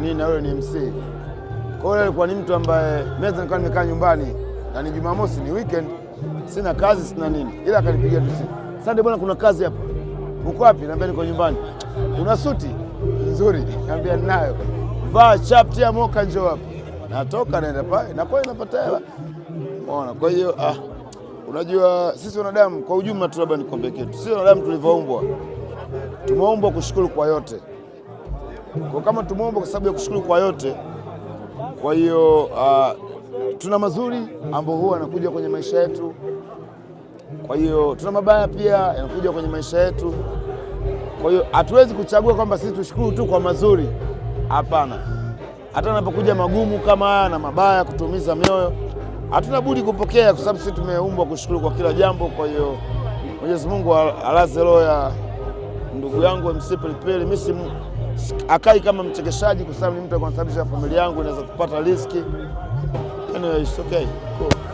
nini na wewe ni MC. Kwa hiyo alikuwa ni mtu ambaye meza nikawa nimekaa nyumbani na ni Jumamosi ni weekend, sina kazi sina nini, ila akanipigia tu simu, Sande bwana, kuna kazi hapa. Uko wapi? Naambia niko nyumbani. Una suti nzuri? Naambia ninayo. Vaa chapti ya moka, njoo hapa. Natoka naenda pale na kwa napata hela. Unaona, kwa hiyo ah, unajua sisi wanadamu kwa ujumla tu, labda nikwambie kitu, sisi wanadamu tulivyoumbwa, tumeumbwa kushukuru kwa yote kwa kama tumwombe kwa sababu ya kushukuru kwa yote. Kwa hiyo uh, tuna mazuri ambayo huwa yanakuja kwenye maisha yetu. Kwa hiyo tuna mabaya pia yanakuja kwenye maisha yetu. Kwa hiyo hatuwezi kuchagua kwamba sisi tushukuru tu kwa mazuri, hapana. Hata anapokuja magumu kama haya na mabaya kutumiza mioyo, hatuna budi kupokea, kwa sababu sisi tumeumbwa kushukuru kwa kila jambo. Kwa hiyo Mwenyezi Mungu alaze roho ya ndugu yangu MC Pilipili mimi akai kama mchekeshaji, kwa sababu ni mtu anasababisha familia yangu inaweza kupata riski. Anyway, it's okay. Cool.